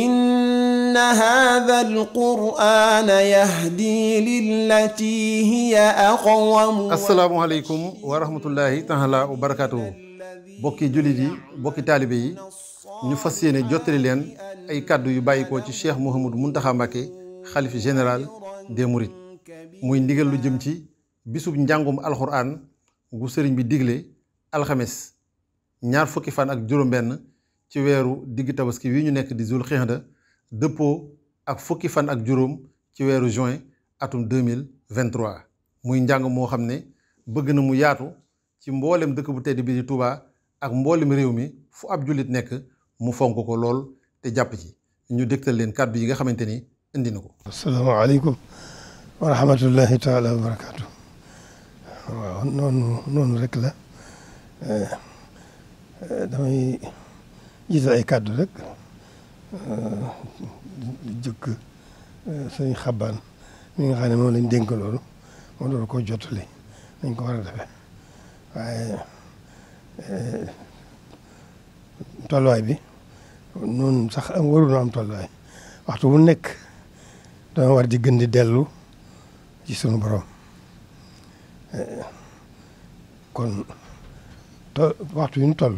إن هذا القرآن يهدي للتي هي أقوم السلام عليكم ورحمة الله تعالى وبركاته bokki jullit yi bokki taalibe yi ñu fas yéene jottali leen ay kàddu yu bàyyikoo ci Cheikh Mouhamadou Mountakha Mbacké xalif général des Mourides muy ndigal lu jëm ci bisub njàngum alxuraan gu sëriñ bi digle alxames ñaar fukki fan ak juróom-benn ci weeru digg tabaski wi ñu nekk di zul xixda dëppoo ak fukki fan ak juróom ci weeru juin atum mille 2023 muy njàng moo xam ne bëgg na mu yaatu ci mboolem dëkk bu tedd bi di Touba ak mboolem réew mi fu ab jullit nekk mu fonk ko lool te jàpp ci ñu dégtal leen kàddu yi nga xamante ni indi na ko. asalaamaaleykum wa rahmatullahi taala wa barakaatu. waaw noonu noonu rek la eh, eh, damay. jiital ay kàddu rek euh, jëkk euh, sëñ xabaan mu nga xam ne moom lañ dénk loolu moom loolu ko jottali nañ ko war a defee waaye euh, tolluwaay bi noonu sax am waruñu am tolluwaay waxtu wu nekk dana war di gën di dellu ci sunu borom kon to waxtu yu ñu toll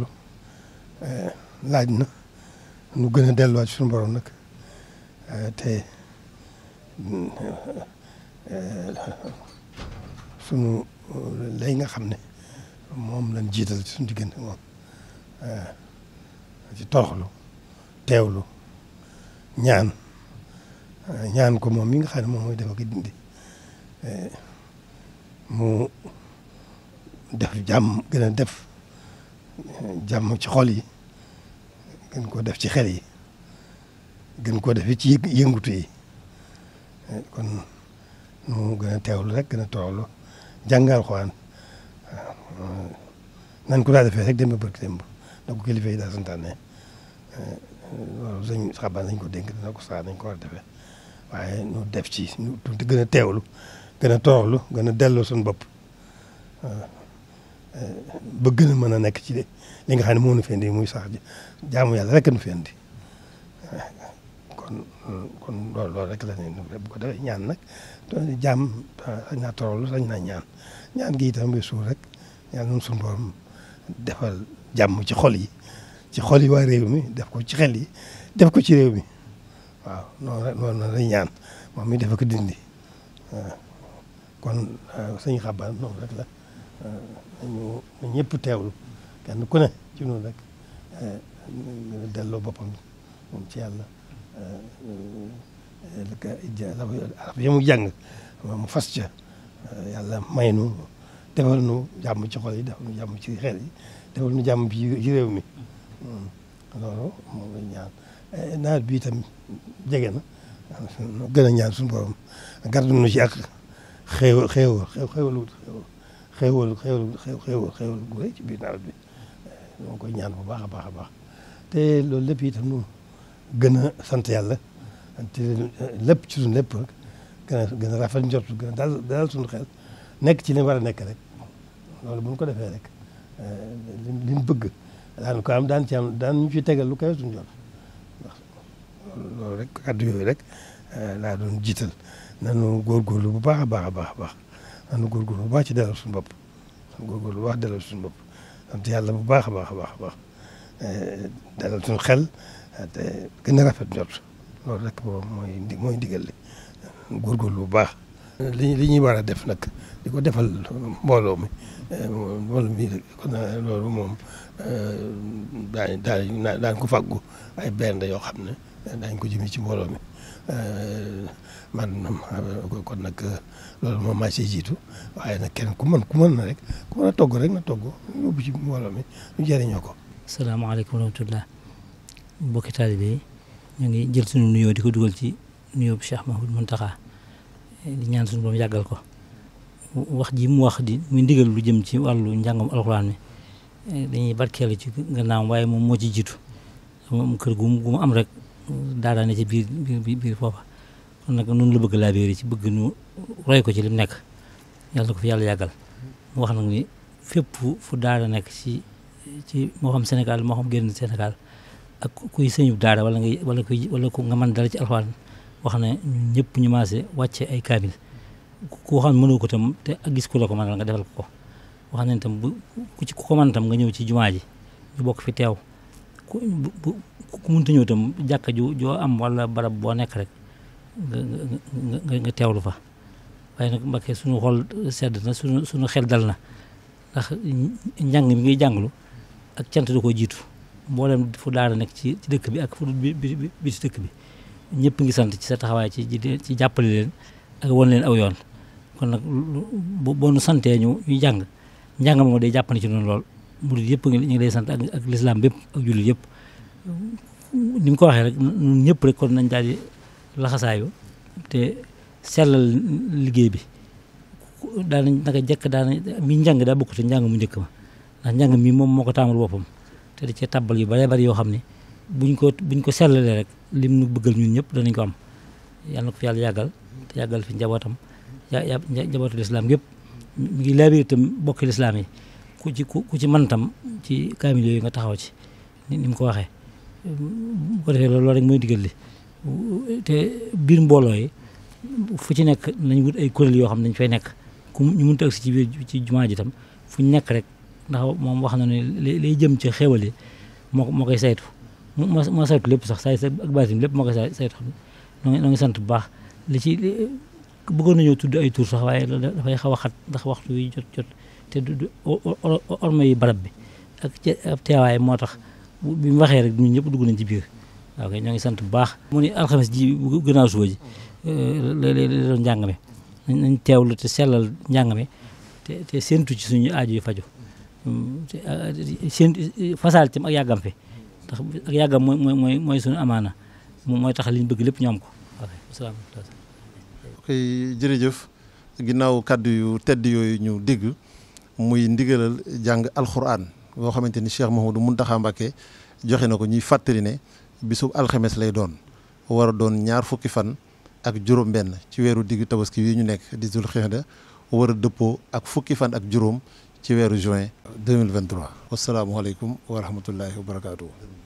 laaj na nu gën a delluwaat suñu borom nag eh, te eh, sunu lay nga xam ne moom lañ jiital ci suñu diggante moom eh, ci toroxlu ñaan ñaan ko moom mi nga xam ne moom mooy dafa ko dindi mu def jàmm gën def jàmm ci xol yi gën ko def ci xel yi gën koo def ci yëngutu yi kon nu gën a teewlu rek gën a toolu jàngal xuraan nan ko daa defee rek démb barki démb na ko kilifa yi daa santaane loolu ko dénk dina ko saa nañ ko war waaye nu def ci nu gën a teewlu gën a toolu gën a delloo suñu bopp ba gën a mën a nekk ci li nga xam ne moo nu fi muy sax jaamu yàlla rek nu fi indi kon kon loolu rek la ne bu ko defee ñaan nag jaam sañ naa toroolu sañ naa ñaan ñaan gi rek yàlla noonu suñu borom defal jàmm ci xol yi ci xol yi waa réew mi def ko ci xel yi def ko ci réew mi waaw noonu rek noonu ñaan moom mi def ko dindi kon suñu xabaar noonu rek la Euh, ñu ñëpp teewlu kenn ku ne ci noonu rek euh, ñu delloo boppam moom ci yàlla euh, arab mu jàng mu fas ca yàlla may nu defal nu jàmm ci xol yi nu jàmm ci xel yi defal nu jàmm ci réew mi hmm, loolu ñaan nawet bi itam jege na gën a ñaan suñu borom gardu nu ci ak xéew xéew xéew xéwal xéwal xéwal xéwal gu rëy ci biir nawet bi moo koy ñaan bu baax a baax a baax te loolu lépp itam nu gën a sant yàlla te lépp ci suñu lépp rek gën gën a rafet njort gën a dal dalal suñu nekk ci li war a nekk rek loolu bu ko defee rek eh, li ñu bëgg daan ko am daan daan ñu ci tegal lu kawe suñu njort rek kàddu yooyu rek eh, laa doon jiital nanu góorgóorlu bu baax a baax a baax a baax nañu góorgóorlu bu baax ci dalal suñu bopp nañu góorgóorlu bu baax dalal suñu bopp sant yàlla bu baax a baax a baax a baax eh, dalal suñu xel eh, te gën a rafet njort loolu rek moom mooy mooy ndigal li góorgóorlu bu baax. li li ñuy war a def nag di ko defal mbooloo mi eh, mbooloo mi kon loolu moom daañu daañu daañu ko fàggu ay benn yoo xam ne. dañ ko jëmee ci mbooloo mi eh, man kon nag loolu moom maa siy jiitu waaye nag kenn ku mën ku mën na rek ku mën a togg rek na togg yóbbu ci ko. salaamaaleykum wa rahmatulah mbokki taalibe ngi jël suñu di ko dugal ci nuyoo bu Cheikh Mahmoud Mountakha eh, di ñaan suñu ko wax ji mu wax di muy ndigal lu jëm ci wàllu njàngam alxuraan mi eh, dañuy barkeelu ci gannaaw waaye moom moo ci jiitu moom kër gu mu am rek. daaraa ne ci biir biir biir foofa kon nag noonu la bëgg laa biir ci bëgg ñu roy ko ci li mu nekk yàlla ko fi yàlla yàggal mu wax nag ni fépp fu daara nekk ci ci moo xam Sénégal moo xam génn Sénégal ak kuy sëñu daara wala ngay wala kuy wala ku nga man dara ci alxuraan wax ne ñëpp ñu maase wàcce ay kaamil ku xam mënoo ko tam te ak gis ku la ko mënal nga defal ko ko wax ne tam ku ci ko mën nga ñëw ci jumaa ji ñu fi teew ku mënta ñëw itam jàkka joo am wala barab boo nekk rek nga nga teewlu fa waaye nag Mbàkke suñu xol sedd na suñu suñu xel dal na njàng mi ngay jàngalu ak cant da ko jiitu mboolem fu daara nekk ci ci dëkk bi ak fu dëkk bi ñëpp ngi sant ci sa taxawaay ci ci jàppale leen ak won leen aw yoon kon nag boo nu santee ñu ñu jàng njàng moom day jàppale ci noonu lool murid yëpp ñu ngi lay sant ak ak lislaam bépp ak jullit yëpp ni mu ko waxee rek ñun ñëpp rek kon nañ daal laxasaayu te sellal liggéey bi daanañ naka jekk daanañ mi njàng daa bokk ci njàng mu njëkk ma ndax njàng mi moom moo ko taamul boppam te di cee tabbal yu bare bari yoo xam ne buñ ko buñ ko sellalee rek lim nu bëggal ñun ñëpp danañ ko am yàlla na ko fi yàlla yàggal te yàggal fi njabootam ya njabootu lislaam yëpp mi ngi laabiir itam bokki lislaam yi ku ci ku ci man ci kaamil yooyu nga taxaw ci ni mu ko waxee bu ko defee loolu rek mooy digal li te biir mbooloo yi fu ci nekk nañ wut ay kuréel yoo xam ne dañ fay nekk ku ñu mënta agsi ci biir ci jumaa ji tam fu ñu nekk rek ndax moom wax na ne lay jëm ci xéwal yi moo moo koy saytu moo saytu lépp sax say ak baatim lépp moo koy saytu xam ne noo ngi sant bu baax li ci bëggoon nañoo tudd ay tur sax waaye dafay xaw a xat ndax waxtu wi jot jot te du orma barab bi ak teewaay moo tax bi mu waxee rek ñun ñëpp dugg nañ ci biir waaw kay ñoo ngi sant bu baax. mu ne alxames ji gannaaw suba ji euh, léeg-léeg la doon njàng mi nañ ci suñu aaju yu faju seen fasaal itam ak yàggam fi mooy mooy mooy suñu amaana mooy tax liñ bëgg lépp ñu am ko waaw asalaamaaleykum. ok jërëjëf ginnaaw kàddu yu tedd yooyu ñu dégg muy ndigalal jàng alxuraan. boo xamante ni Cheikh Mouhamadou Mountakha Mbacké joxe na ko ñuy fàttali ne bisub alxames lay doon war a doon ñaar fukki fan ak juróom-benn ci weeru diggu tabaski yi ñu nekk di Zul Xinda war a dëppoo ak fukki fan ak juróom ci weeru juin 2023 wasalaamualeykum wa rahmatullahi wa barakaatu.